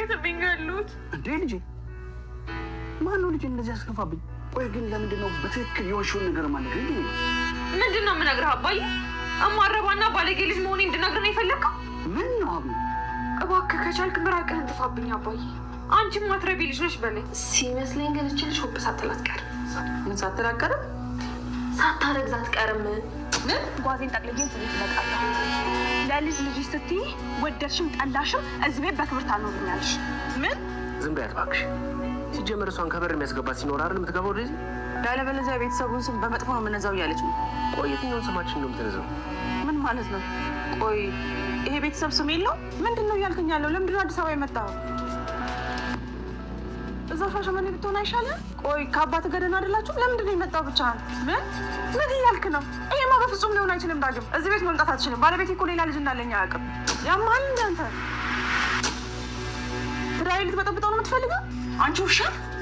እየተመኝ ያሉት እንዴ? ልጄ ማነው ልጅ እንደዚህ ያስከፋብኝ? ቆይ ግን ለምንድን ነው በትክክል የወሽውን ነገር ማለት ግን ምንድን ነው የምነግርህ? አባይ እማረባና ባለጌ ልጅ መሆኔ እንድነግርህ ነው የፈለግከው? ምን ነው አብ፣ እባክህ ከቻልክ ምራቅህን ጥፋብኝ አባይ አንቺም ማትረቢ ልጅ ነሽ በላይ ሲመስለኝ ግን እችልሽ ሆብ ሳትላት ቀርም ምን ሳትላት ቀርም ሳታረግዛት ቀርም ጓዜን ጠቅልዬ ስቤት ይበቃለሁ። ለልጅ ልጅ ስትይ ወደድሽም ጠላሽም እዚህ ቤት በክብር ታኖርኛለሽ። ምን ዝም በያት እባክሽ። ሲጀመር እሷን ከበር የሚያስገባት ሲኖር አይደል የምትገባው ወደዚህ። ያለበለዚያ ቤተሰቡን ስም በመጥፎ ነው የምንዛው እያለች ነው። ቆይ የትኛውን ስማችን ነው የምትነዛው? ምን ማለት ነው? ቆይ ይሄ ቤተሰብ ስም የለው ምንድን ነው እያልከኝ ያለው? ለምንድን ነው አዲስ አበባ የመጣው? እዛው ሻሸመኔ ብትሆን አይሻልም? ቆይ ከአባት ገደን አይደላችሁም? ለምንድን ነው የመጣው ብቻህን? ምን ምን እያልክ ነው? ይሄማ በፍጹም ሊሆን አይችልም። ዳግም እዚህ ቤት መምጣት አትችልም። ባለቤቴ እኮ ሌላ ልጅ እንዳለኝ አያውቅም። ያማል እንደ አንተ ትዳሬ ልትበጠብጠው ነው የምትፈልገው? አንቺ ውሻ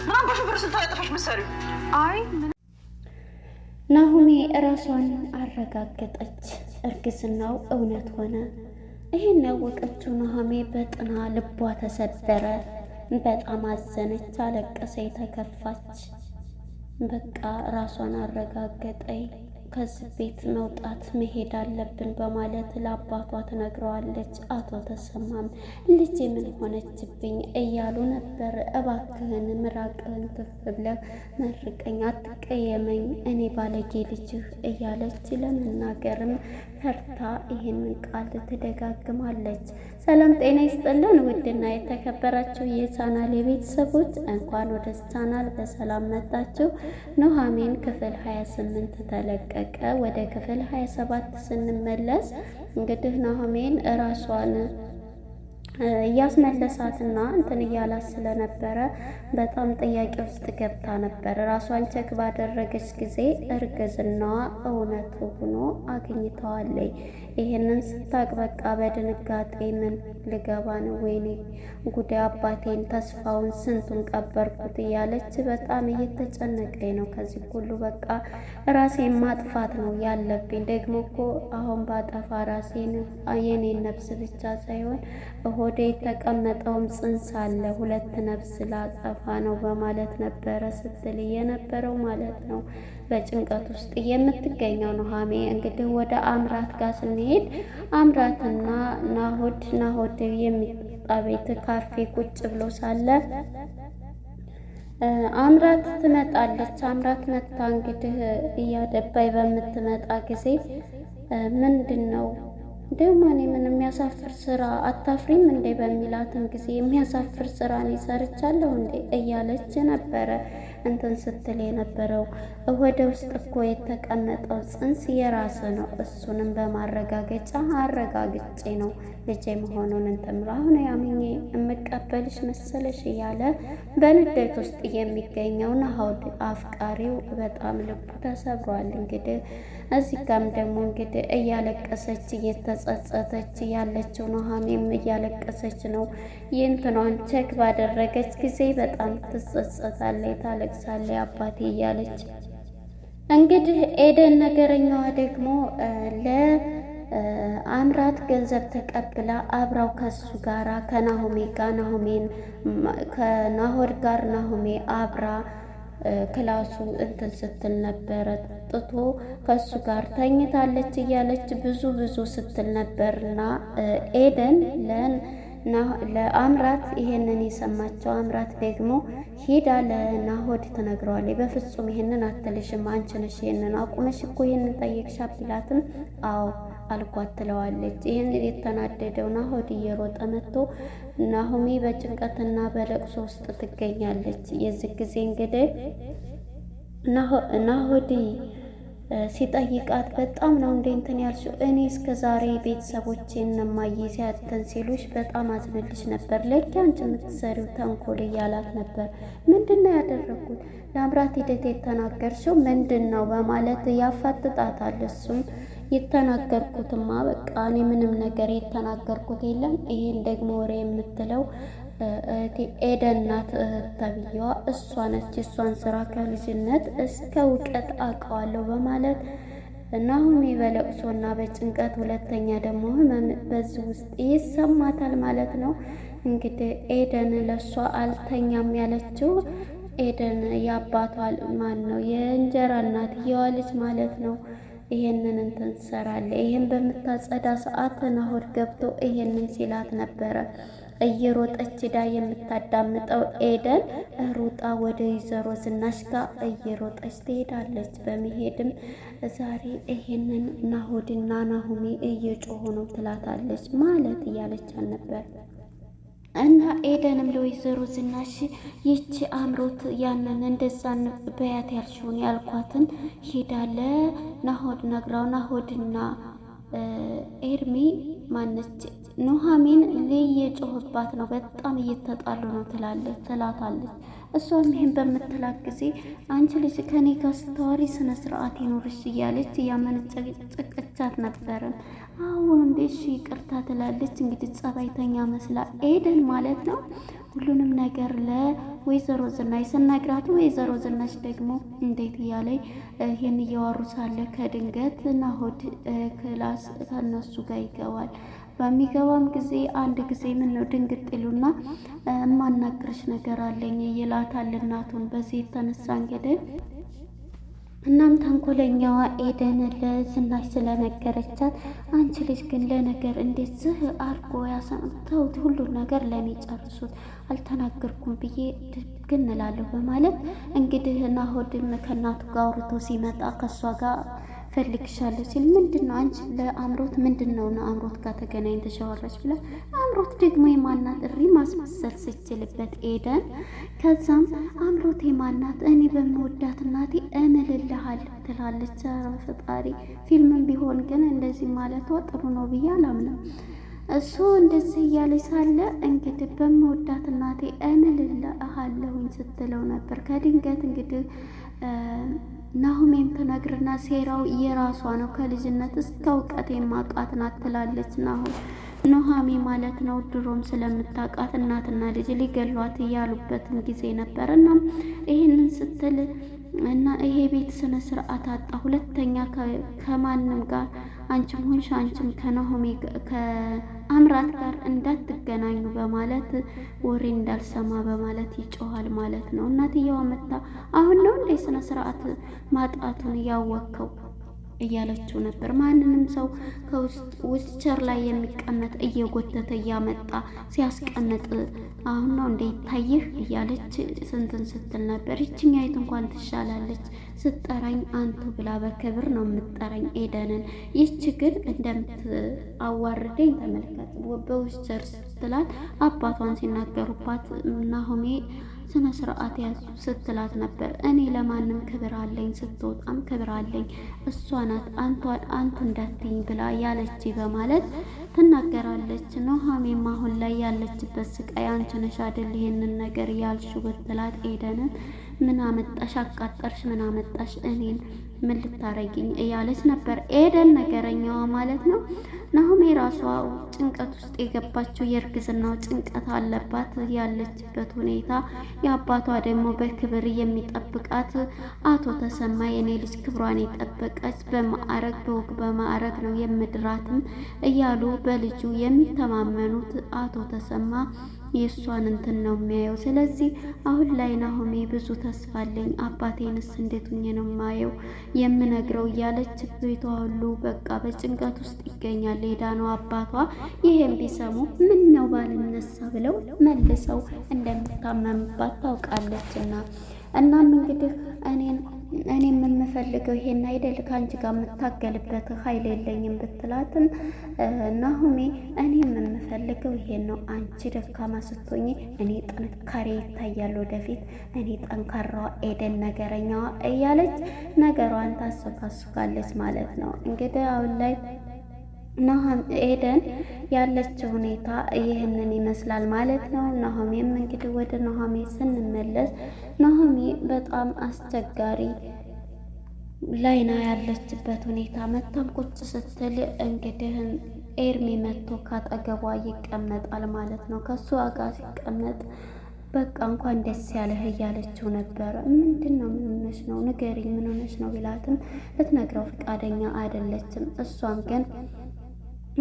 ምናም በሽብር ስንታ ያጠፋሽ መሰሪው አይ ናሁሜ እራሷን አረጋገጠች። እርግዝናው እውነት ሆነ። ይህን ያወቀችው ናሆሜ በጥና ልቧ ተሰበረ። በጣም አዘነች፣ አለቀሰ፣ የተከፋች በቃ ራሷን አረጋገጠኝ። ከዚህ ቤት መውጣት መሄድ አለብን በማለት ለአባቷ ትነግረዋለች። አቶ ተሰማም ልጅ ምን ሆነችብኝ እያሉ ነበር። እባክህን ምራቅህን ትፍ ብለህ መርቀኝ፣ አትቀየመኝ፣ እኔ ባለጌ ልጅህ እያለች ለመናገርም ፈርታ ይህንን ቃል ትደጋግማለች። ሰላም ጤና ይስጥልን ውድና የተከበራችሁ የቻናል የቤተሰቦች እንኳን ወደ ቻናል በሰላም መጣችሁ። ኑሐሚን ክፍል 28 ተለቀ ተጠናቀቀ። ወደ ክፍል 27 ስንመለስ እንግዲህ ኑሃሚን እራሷን እያስመለሳትና እንትን እያላት ስለነበረ በጣም ጥያቄ ውስጥ ገብታ ነበር። ራሷን ቸክ ባደረገች ጊዜ እርግዝናዋ እውነት ሆኖ አግኝተዋለይ። ይህንን ስታቅ በቃ በድንጋጤ ምን ልገባ ነው? ወይኔ ጉዳይ አባቴን፣ ተስፋውን፣ ስንቱን ቀበርኩት እያለች በጣም እየተጨነቀኝ ነው። ከዚህ ሁሉ በቃ ራሴን ማጥፋት ነው ያለብኝ። ደግሞ እኮ አሁን ባጠፋ ራሴን የኔን ነፍስ ብቻ ሳይሆን በሆዴ የተቀመጠውም ጽንስ አለ ሁለት ነፍስ ላጠፋ ነው በማለት ነበረ ስትል የነበረው ማለት ነው። በጭንቀት ውስጥ የምትገኘው ኑሃሜ እንግዲህ ወደ አምራት ጋር ስንሄድ አምራትና ናሆድ ናሆድ የሚጠጣ ቤት ካፌ ቁጭ ብሎ ሳለ አምራት ትመጣለች። አምራት መታ እንግዲህ እያደባይ በምትመጣ ጊዜ ምንድን ነው ደግሞ እኔ ምን የሚያሳፍር ስራ አታፍሪም እንዴ በሚላትን ጊዜ የሚያሳፍር ስራ እኔ ሰርቻለሁ እንዴ እያለች ነበረ እንትን ስትል የነበረው። ወደ ውስጥ እኮ የተቀመጠው ጽንስ የራስ ነው። እሱንም በማረጋገጫ አረጋግጬ ነው ልጄ መሆኑን እንትን አሁን ያምኜ የምቀበልሽ መሰለሽ እያለ በንዴት ውስጥ የሚገኘው ናሆድ አፍቃሪው በጣም ልቡ ተሰብሯል እንግዲህ እዚህ ጋም ደግሞ እንግዲህ እያለቀሰች እየተጸጸተች ያለችው ኑሃሚም እያለቀሰች ነው። ይህንትኗን ቼክ ባደረገች ጊዜ በጣም ትጸጸታለች፣ ታለቅሳለች አባቴ እያለች እንግዲህ ኤደን ነገረኛዋ ደግሞ ለ አምራት ገንዘብ ተቀብላ አብራው ከሱ ጋራ ከናሆሜ ጋር ናሆሜን ከናሆድ ጋር ናሆሜ አብራ ክላሱ እንትን ስትል ነበረ ጥቶ ከሱ ጋር ተኝታለች እያለች ብዙ ብዙ ስትል ነበርና ኤደን ለአምራት ይሄንን የሰማቸው አምራት ደግሞ ሂዳ ለናሆድ ትነግረዋለች። በፍጹም ይሄንን አትልሽም፣ አንቺ ነሽ ይሄንን አቁመሽ እኮ ይሄንን ጠየቅሻ ቢላትም አዎ አልኳት ትለዋለች። ይህን የተናደደው ናሆድ እየሮጠ መጥቶ ናሆሚ በጭንቀትና በለቅሶ ውስጥ ትገኛለች። የዚህ ጊዜ እንግዲህ ናሆዲ ሲጠይቃት በጣም ነው እንደ እንትን ያልሽው፣ እኔ እስከ ዛሬ ቤተሰቦቼን እማዬ ሲያተን ሲሉሽ በጣም አዝንልሽ ነበር። ለኪ አንቺ የምትሰሪው ተንኮል እያላት ነበር። ምንድን ነው ያደረግኩት? ለአምራት ሂደት የተናገርሽው ምንድን ነው በማለት ያፋጥጣታል እሱም የተናገርኩትማ በቃ እኔ ምንም ነገር የተናገርኩት የለም። ይሄን ደግሞ ወሬ የምትለው ኤደን ናት ተብዬዋ፣ እሷ ነች። እሷን ስራ ከልጅነት እስከ እውቀት አውቀዋለሁ በማለት ናሁሜ በለቅሶና በጭንቀት ሁለተኛ ደግሞ ህመም በዚህ ውስጥ ይሰማታል ማለት ነው። እንግዲህ ኤደን ለእሷ አልተኛም ያለችው ኤደን ያባቷል ማን ነው የእንጀራ እናትየዋ ልጅ ማለት ነው። ይሄንን እንትን ትሰራለ ይሄን በምታጸዳ ሰዓት ናሆድ ገብቶ ይሄንን ሲላት ነበረ። እየሮጠች ዳ የምታዳምጠው ኤደን ሩጣ ወደ ወይዘሮ ዝናሽ ጋር እየሮጠች ትሄዳለች። በመሄድም ዛሬ ይሄንን ናሆድና ናሁሜ እየጮሆ ነው ትላታለች። ማለት እያለች ነበር እና ኤደንም ለወይዘሮ ዝናሽ ይቺ አምሮት ያንን እንደዛን በያት ያልሽውን ያልኳትን ሄዳለ ናሆድ ነግራው ናሆድና ኤርሚ ማነች ኑሐሚን ጮህባት ነው፣ በጣም እየተጣሉ ነው ትላለች ትላታለች። እሷም ይህን በምትላት ጊዜ አንቺ ልጅ ከኔ ጋር ስታወሪ ስነ ስርዓት ይኖርሽ እያለች እያመነጨቀቻት ነበረ። አሁን እንዴ እሺ ይቅርታ ትላለች። እንግዲህ ጸባይተኛ መስላ ኤደን ማለት ነው ሁሉንም ነገር ለወይዘሮ ዝናሽ ስነግራት ወይዘሮ ዝናሽ ደግሞ እንዴት እያለኝ ይህን እያወሩ ሳለ ከድንገት ናሆድ ክላስ ከነሱ ጋር ይገባል። በሚገባም ጊዜ አንድ ጊዜ ምን ነው ድንግጥ ይሉና እማናግርሽ ነገር አለኝ ይላታል እናቱን። በዚህ የተነሳ እንግዲህ እናም ተንኮለኛዋ ኤደን ለዝናሽ ስለነገረቻት አንቺ ልጅ ግን ለነገር እንዴት ዝህ አርጎ ያሰምተውት ሁሉን ነገር ለእኔ ጨርሱት አልተናገርኩም ብዬ ግን እላለሁ በማለት እንግዲህ ናሆድም ከእናቱ ጋር አውርቶ ሲመጣ ከእሷ ጋር ፈልግሻለሁ ሲል ምንድን ነው አንቺ ለአምሮት ምንድን ነው ነው አምሮት ጋር ተገናኝ ተሻወረች ብላ አምሮት ደግሞ የማናት እሪ ማስመሰል ስችልበት ኤደን ከዛም አምሮት የማናት እኔ በምወዳት እናቴ እምልልሃለሁ ትላለች። ኧረ ፈጣሪ ፊልምም ቢሆን ግን እንደዚህ ማለቷ ጥሩ ነው ብዬ አላምንም። እሱ እንደዚህ እያለ ሳለ እንግዲህ በምወዳት እናቴ እምልልሃለሁኝ ስትለው ነበር። ከድንገት እንግዲህ ናሁሜም ትነግርና ሴራው የራሷ ነው ከልጅነት እስከ እውቀት የማውቃት ናት ትላለች። ናሁም ኑሃሜ ማለት ነው ድሮም ስለምታውቃት እናትና ልጅ ሊገሏት እያሉበትም ጊዜ ነበር። እናም ይህንን ስትል እና ይሄ ቤት ስነ ስርዓት አጣ ሁለተኛ ከማንም ጋር አንቺም ሆንሽ አንቺም ከነሆሜ ከአምራት ጋር እንዳትገናኙ በማለት ወሬ እንዳልሰማ በማለት ይጮኋል ማለት ነው። እናትየዋ መታ አሁን ነው እንደ ስነ ስርዓት ማጣቱን ያወከው እያለችው ነበር። ማንንም ሰው ከውስቸር ላይ የሚቀመጥ እየጎተተ እያመጣ ሲያስቀምጥ አሁን ነው እንደ ይታይህ እያለች ስንትን ስትል ነበር። ይችኛይት እንኳን ትሻላለች። ስጠራኝ አንቱ ብላ በክብር ነው የምጠራኝ ኤደንን። ይህች ግን እንደምትአዋርደኝ ተመልከት በውስር ስትላት አባቷን ሲናገሩባት ናሆሜ ስነ ስርዓት ያዙ ስትላት ነበር። እኔ ለማንም ክብር አለኝ፣ ስትወጣም ክብር አለኝ። እሷ ናት አንቷን አንቱ እንዳትኝ ብላ ያለች በማለት ትናገራለች። ኑሃሚም አሁን ላይ ያለችበት ስቃይ አንቺ ነሽ አይደል ይሄንን ነገር ያልሽው ብትላት ኤደንን ምን አመጣሽ አቃጠርሽ፣ ምን አመጣሽ እኔን ምን ልታረጊኝ እያለች ነበር ኤደን ነገረኛዋ ማለት ነው። ናሁሜ ራሷ ጭንቀት ውስጥ የገባችው የእርግዝናው ጭንቀት አለባት ያለችበት ሁኔታ፣ የአባቷ ደግሞ በክብር የሚጠብቃት አቶ ተሰማ የኔ ልጅ ክብሯን የጠበቀች በማዕረግ በወግ በማዕረግ ነው የምድራትም እያሉ በልጁ የሚተማመኑት አቶ ተሰማ የእሷን እንትን ነው የሚያየው። ስለዚህ አሁን ላይ ናሆሜ ብዙ ተስፋ አለኝ፣ አባቴንስ እንዴት ሆኜ ነው የማየው የምነግረው እያለች ቤቷ ሁሉ በቃ በጭንቀት ውስጥ ይገኛል። ሌዳ ነው አባቷ ይሄን ቢሰሙ ምን ነው ባልነሳ ብለው መልሰው እንደምታመምባት ታውቃለችና እናም እንግዲህ እኔን እኔ የምንፈልገው ይሄን አይደል ከአንቺ ጋር የምታገልበት ኃይል የለኝም ብትላትም ናሁሜ እኔ የምፈልገው ይሄን ነው። አንቺ ደካማ ስትሆኝ እኔ ጥንካሬ ይታያል ወደፊት። እኔ ጠንካራዋ ኤደን፣ ነገረኛዋ እያለች ነገሯን ታስባስባለች ማለት ነው እንግዲህ አሁን ላይ ናሆም ኤደን ያለችው ሁኔታ ይህንን ይመስላል ማለት ነው። ናሆሜም እንግዲህ ወደ ናሆሜ ስንመለስ ናሆሜ በጣም አስቸጋሪ ላይና ያለችበት ሁኔታ መታም ቁጭ ስትል እንግዲህ ኤርሚ መጥቶ ካጠገቧ ይቀመጣል ማለት ነው። ከሱ ዋጋ ሲቀመጥ በቃ እንኳን ደስ ያለህ እያለችው ነበረ። ምንድን ነው ምን ሆነች ነው ንገሪ፣ ምን ነው ቢላትም ልትነግረው ፈቃደኛ አይደለችም። እሷም ግን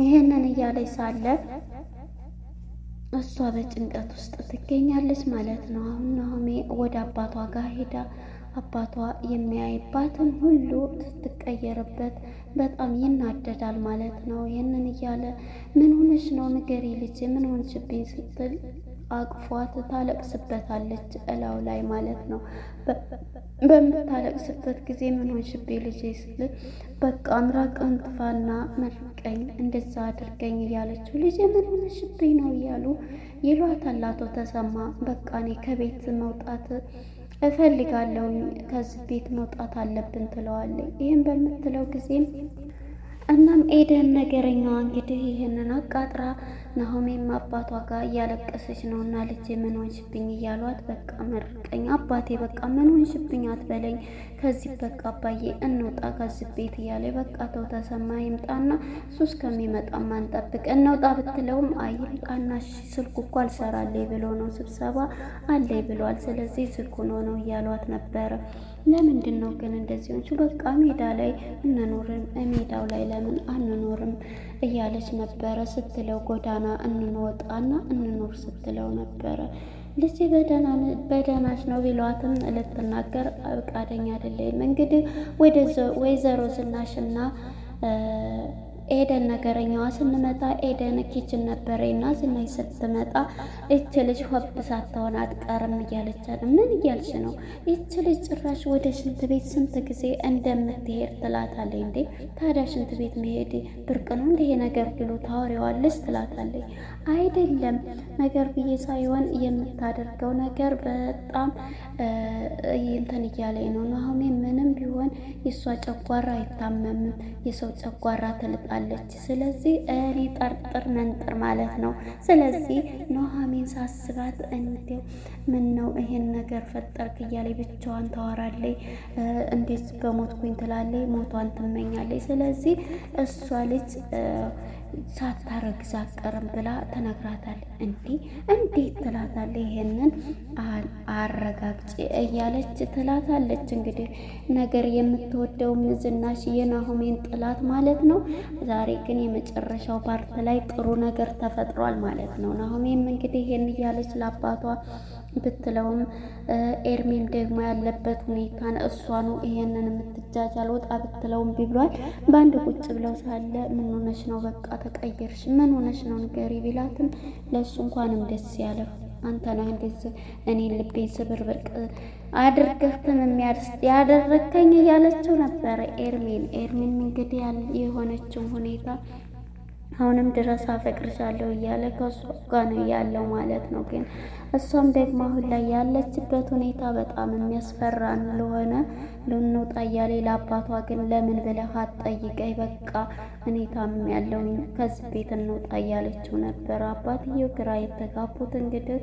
ይህንን እያለች ሳለ እሷ በጭንቀት ውስጥ ትገኛለች ማለት ነው። አሁን ናሆሜ ወደ አባቷ ጋር ሄዳ አባቷ የሚያይባትን ሁሉ ስትቀየርበት በጣም ይናደዳል ማለት ነው። ይህንን እያለ ምን ሆነሽ ነው ንገሪ ልጄ፣ ምን ሆንሽብኝ ስትል አቅፏት ታለቅስበታለች፣ እላው ላይ ማለት ነው። በምታለቅስበት ጊዜ ምን ሽቤ ልጄ ስል በቃ ምራቅን ጥፋና መርቀኝ እንደዛ አድርገኝ እያለችው ልጄ ምን ሽቤ ነው እያሉ ይሏታል አቶ ተሰማ። በቃ እኔ ከቤት መውጣት እፈልጋለሁ፣ ከዚህ ቤት መውጣት አለብን ትለዋለች። ይህን በምትለው ጊዜ እናም ኤደን ነገረኛዋ እንግዲህ ይህንን አቃጥራ ናሆሜም አባቷ ጋር እያለቀሰች ነው እና ልጄ ምን ሆንሽብኝ እያሏት በቃ መርቀኝ አባቴ በቃ ምን ሆንሽብኝ አትበለኝ ከዚህ በቃ አባዬ እንውጣ ከዚህ ቤት እያለ በቃ ተው ተሰማ ይምጣና እሱ እስከሚመጣ ማንጠብቅ እንውጣ ብትለውም አይ ይምጣና ስልኩ እኮ አልሰራለይ ብሎ ነው ስብሰባ አለይ ብሏል ስለዚህ ስልኩ ነው ነው እያሏት ነበረ ለምንድን ነው ግን እንደዚህ ሆንሽ? በቃ ሜዳ ላይ እንኖርም ሜዳው ላይ ለምን አንኖርም እያለች ነበረ ስትለው፣ ጎዳና እንወጣና እንኖር ስትለው ነበረ። ልጅ በደህናሽ ነው ቢሏትም ልትናገር ፈቃደኛ አይደለም። እንግዲህ ወይዘሮ ዝናሽና ኤደን ነገረኛዋ ስንመጣ ኤደን ኪችን ነበረ ና ዝናይ ስትመጣ እች ልጅ ሆብ ሳትሆን አትቀርም እያለቻል። ምን እያልሽ ነው? ይች ልጅ ጭራሽ ወደ ሽንት ቤት ስንት ጊዜ እንደምትሄድ ትላታለች። እንዴ ታዲያ ሽንት ቤት መሄድ ብርቅ ነው እንዲህ ነገር ብሎ ታወሪዋለች ትላታለች። አይደለም ነገር ብዬ ሳይሆን የምታደርገው ነገር በጣም እንትን እያለኝ ነው። አሁን ምንም ቢሆን የእሷ ጨጓራ አይታመምም፣ የሰው ጨጓራ ትልጣ ታውቃለች። ስለዚህ እኔ ጠርጥር መንጥር ማለት ነው። ስለዚህ ኑሐሚን ሳስባት እንዲው ምን ነው ይሄን ነገር ፈጠርክ እያለ ብቻዋን ታወራለይ፣ እንዴት በሞትኩኝ ትላለይ፣ ሞቷን ትመኛለይ። ስለዚህ እሷ ልጅ ሳታረግዝ አትቀርም ብላ ተነግራታል። እንዲህ እንዴት ትላታለ ይሄንን አረጋግጭ እያለች ትላታለች። እንግዲህ ነገር የምትወደው ዝናሽ የናሆሜን ጥላት ማለት ነው። ዛሬ ግን የመጨረሻው ፓርት ላይ ጥሩ ነገር ተፈጥሯል ማለት ነው። ናሆሜም እንግዲህ ይሄን እያለች ለአባቷ ብትለውም ኤርሚም ደግሞ ያለበት ሁኔታን እሷ ነው ይሄንን የምትጃጃል ወጣ ብትለውም ቢብሏል። በአንድ ቁጭ ብለው ሳለ ምን ሆነሽ ነው? በቃ ተቀየርሽ፣ ምን ሆነሽ ነው ንገሪ ቢላትም ለእሱ እንኳንም ደስ ያለ አንተ ነህ እንደዚህ እኔን ልቤን ስብርብርቅ አድርገህትም የሚያርስ ያደረከኝ እያለችው ነበረ ኤርሚን ኤርሚን እንግዲህ የሆነችው ሁኔታ አሁንም ድረስ አፈቅርሻለሁ እያለ ከሱ ጋር ነው ያለው ማለት ነው ግን እሷም ደግሞ አሁን ላይ ያለችበት ሁኔታ በጣም የሚያስፈራ ለሆነ ልንውጣ እያለ ለአባቷ ግን ለምን ብለህ አትጠይቀኝ፣ በቃ እኔ ያለው ከዚህ ቤት እንውጣ እያለችው ነበር። አባትየው ግራ የተጋቡት እንግዲህ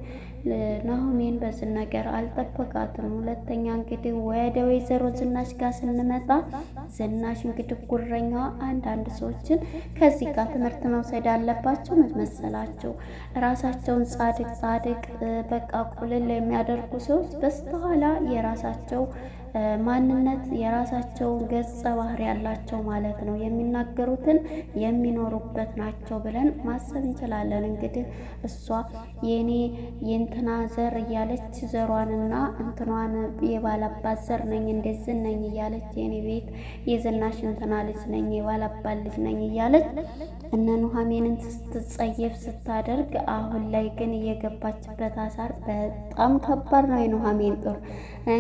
ናሆሜን በዚህ ነገር አልጠበቃትም። ሁለተኛ እንግዲህ ወደ ወይዘሮ ዝናሽ ጋር ስንመጣ ዝናሽ እንግዲህ ጉረኛዋ አንዳንድ ሰዎችን ከዚህ ጋር ትምህርት መውሰድ አለባቸው መመሰላቸው ራሳቸውን ጻድቅ ጻድቅ በቃ ቁልል የሚያደርጉ ሰዎች በስተኋላ የራሳቸው ማንነት የራሳቸውን ገጸ ባህሪ ያላቸው ማለት ነው። የሚናገሩትን የሚኖሩበት ናቸው ብለን ማሰብ እንችላለን። እንግዲህ እሷ የኔ የእንትና ዘር እያለች ዘሯንና እንትኗን የባላባት ዘር ነኝ እንደዝን ነኝ እያለች የኔ ቤት የዝናሽ እንትና ልጅ ነኝ የባላባት ልጅ ነኝ እያለች እነ ኑሐሚንን ስትጸየፍ ስታደርግ፣ አሁን ላይ ግን እየገባችበት አሳር በጣም ከባድ ነው። የኑሐሚን ጦር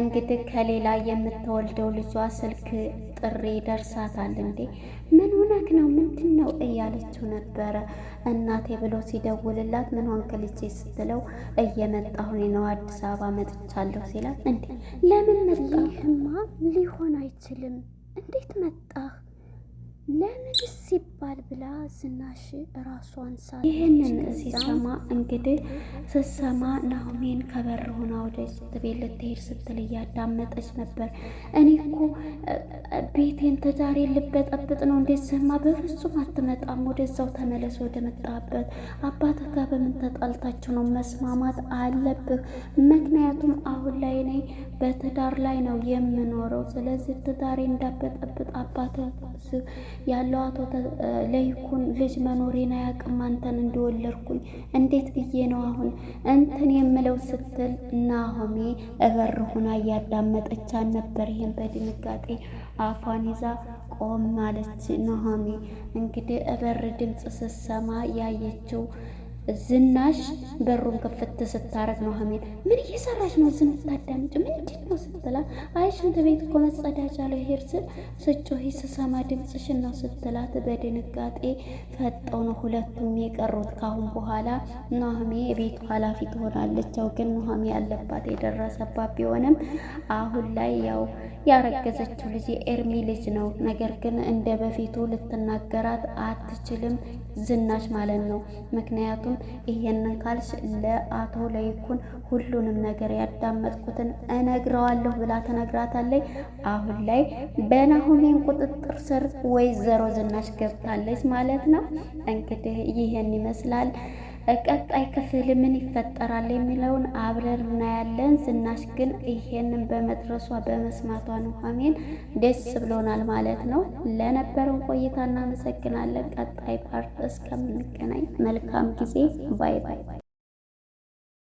እንግዲህ ከሌላ የምትወልደው ልጇ ስልክ ጥሪ ደርሳታል። እንዴ ምን ሆነክ ነው? ምንድን ነው እያለችው ነበረ። እናቴ ብሎ ሲደውልላት ምን ሆንክ ልጄ ስትለው እየመጣሁኝ ነው አዲስ አበባ መጥቻለሁ ሲላት፣ እንዴ ለምን መጣ? ይህማ ሊሆን አይችልም። እንዴት መጣህ? ለንግስ ሲባል ብላ ዝናሽ ራሷን ሳ ይህንን ሲሰማ እንግዲህ ስትሰማ ናሆሜን ከበር ሆና ወደ ቤት ልትሄድ ስትል እያዳመጠች ነበር። እኔ እኮ ቤቴን ትዳሬ ልበጠብጥ ነው እንዴት ስማ፣ በፍጹም አትመጣም፣ ወደዛው ተመለስ፣ ወደ መጣበት አባት ጋር በምን ተጣልታችሁ ነው? መስማማት አለብህ። ምክንያቱም አሁን ላይ እኔ በትዳር ላይ ነው የምኖረው። ስለዚህ ትዳሬ እንዳበጠብጥ አባት ያለው አቶ ለይኩን ልጅ መኖሬን አያውቅም። አንተን እንደወለድኩኝ እንዴት ብዬ ነው አሁን እንትን የምለው ስትል ናሆሜ እበር ሆና እያዳመጠች ነበር። ይህን በድንጋጤ አፏን ይዛ ቆም አለች። ናሆሜ እንግዲህ እበር ድምፅ ስትሰማ ያየችው ዝናሽ በሩን ክፍት ስታረግ ነው ሀሜን ምን እየሰራች ነው ዝም ታዳምጭ ምንድን ነው ስትላት፣ አይ ሽንት ቤት እኮ መጸዳጃ ላይ ሄድ ስል ስጮሂ ስሰማ ድምፅሽን ነው ስትላት፣ በድንጋጤ ፈጠው ነው ሁለቱም የቀሩት። ካሁን በኋላ ኑሃሜ የቤቱ ኃላፊ ትሆናለች። ያው ግን ኑሃሜ ያለባት የደረሰባት ቢሆንም አሁን ላይ ያው ያረገዘችው ልጅ የኤርሚ ልጅ ነው። ነገር ግን እንደ በፊቱ ልትናገራት አትችልም ዝናሽ ማለት ነው። ምክንያቱም ይሄንን ካልሽ ለአቶ ለይኩን ሁሉንም ነገር ያዳመጥኩትን እነግረዋለሁ ብላ ተነግራታለች። አሁን ላይ በናሆሜን ቁጥጥር ስር ወይዘሮ ዝናሽ ገብታለች ማለት ነው። እንግዲህ ይህን ይመስላል። ቀጣይ ክፍል ምን ይፈጠራል የሚለውን አብረን እናያለን። ዝናሽ ግን ይሄንን በመድረሷ በመስማቷ ኑሐሚን ደስ ብሎናል ማለት ነው። ለነበረን ቆይታ እናመሰግናለን። ቀጣይ ፓርት እስከምንገናኝ መልካም ጊዜ። ባይ ባይ።